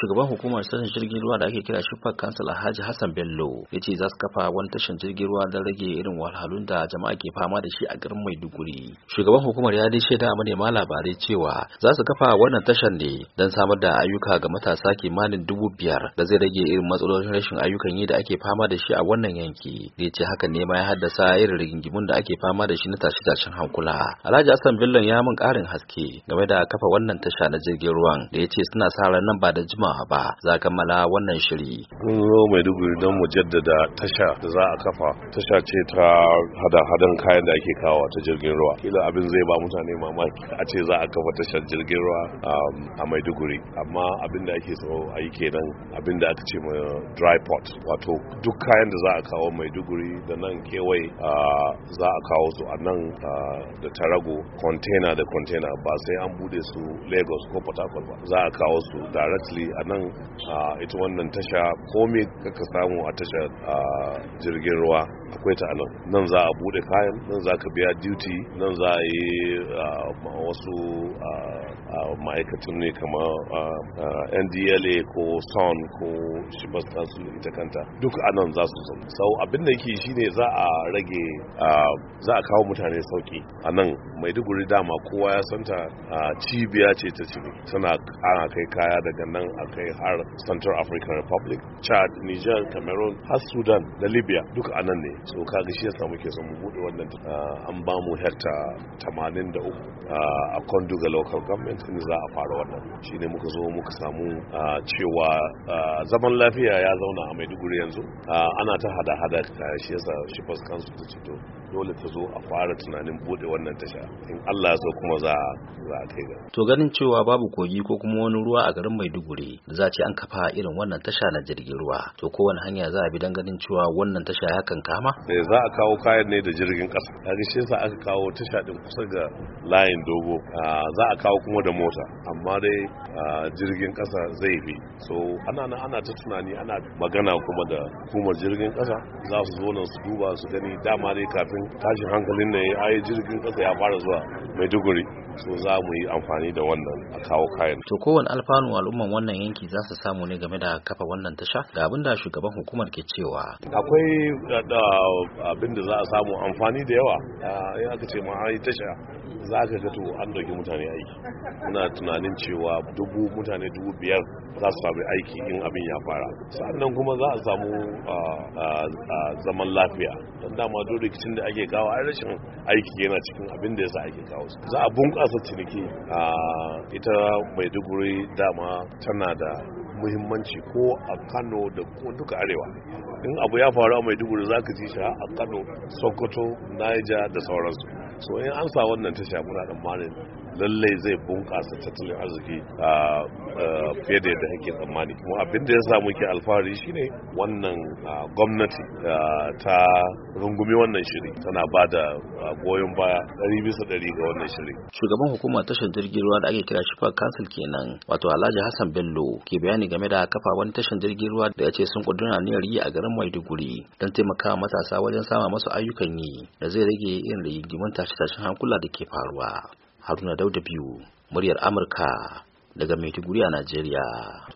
shugaban hukumar sashen jirgin ruwa da ake kira shifar kansila Haji hassan bello ya ce za su kafa wani tashin jirgin ruwa don rage irin wahalhalun da jama'a ke fama da shi a garin maiduguri shugaban hukumar ya dai shaida manema labarai cewa za su kafa wannan tashan ne don samar da ayyuka ga matasa kimanin dubu biyar da zai rage irin matsalolin rashin ayyukan yi da ake fama da shi a wannan yanki da ya ce hakan ne ma ya haddasa irin rigingimun da ake fama da shi na tashe tashin hankula alhaji hassan bello ya mun karin haske game da kafa wannan tasha na jirgin ruwan da ya ce suna sa ran ba da jima jimawa ba za kammala wannan shiri. Mun zo Maiduguri don mu jaddada tasha da za a kafa. Tasha ce ta hada-hadan kayan da ake kawo ta jirgin ruwa. Kila abin zai ba mutane mamaki a ce za a kafa tashar jirgin ruwa um, a Maiduguri. Amma abin da ake so a yi kenan abin da aka ce ma dry pot wato duk kayan da za a kawo Maiduguri da nan kewaye uh, za a kawo su a nan uh, da tarago container da container ba sai an bude su Lagos ko Port ba. Za a kawo su directly a nan ita wannan tasha komai kaka samu a tasha jirgin ruwa akwai ta nan nan za a bude kayan nan za ka biya duty nan za a yi wasu ma'aikatan ne kama ndla ko son ko shibas su ita kanta duk a nan za su zama sau abin da yake shine za a rage za a kawo mutane sauki a nan maiduguri dama kowa ya santa cibiya ce ta cini tana ana kai kaya daga nan a kai har Central African Republic, Chad, Niger, Cameroon, har Sudan da Libya duk a nan ne. So ga shi yasa muke son mu bude wannan uh, an ba mu hekta 83 uh, a ga local government ne za a fara wannan. Shine muka zo muka samu uh, cewa zaman lafiya ya zauna a Maiduguri yanzu. Ana ta hada-hada shi yasa shi kansu ta ce dole ta zo a fara tunanin bude wannan tasha. In Allah ya so kuma za a kai ga. To ganin cewa babu kogi ko kuma wani ruwa a garin Maiduguri Za a ce an kafa irin wannan tasha na jirgin ruwa to kowane hanya za a bi don ganin cewa wannan tasha ya kan kama eh za a kawo kayan ne da jirgin kasa kaga shi yasa aka kawo tasha din kusa ga layin dogo ah, za a kawo kuma da mota amma dai ah, jirgin kasa zai bi so ana nan ana ta tunani ana magana kuma da hukumar jirgin kasa za su zo nan su duba su gani dama dai kafin tashin hankalin na ya yi jirgin kasa ya fara zuwa maiduguri so za mu yi amfani da wannan a kawo kayan to kowane alfanu al'umman wannan yanki za su samu ne game da kafa wannan tasha ga abin da shugaban hukumar ke cewa akwai abin da za a samu amfani da yawa in aka ce ma tasha za ka gato an dauki mutane aiki muna tunanin cewa dubu mutane dubu biyar za su sami aiki in abin ya fara sannan kuma za a samu zaman lafiya don dama duk rikicin da ake kawo a rashin aiki yana cikin abin da yasa ake kawo za a bunƙasa ciniki a ita maiduguri dama tana da muhimmanci ko a kano da ko duka arewa in abu ya faru a maiduguri za ka ji shi a kano sokoto niger da sauransu so in an sa wannan tasha muna mani lallai zai bunƙasa tattalin arziki a ah, ah, fiye da yadda ake tsammani kuma abin da ya sa muke alfahari shine wannan ah, gwamnati ta rungumi wannan shiri tana ba da goyon baya ɗari bisa ɗari ga wannan shiri shugaban hukumar tashar jirgin ruwa da ake kira shifa Kansil kenan wato alhaji hassan bello ke bayani bayani game da kafa wani tashin jirgin ruwa da ya ce sun kudura niyyar yi a garin Maiduguri don taimaka matasa wajen sama masu ayyukan yi da zai rage irin rigimin tashe-tashen hankula da ke faruwa. Haruna Dauda biyu, muryar Amurka daga Maiduguri a Najeriya.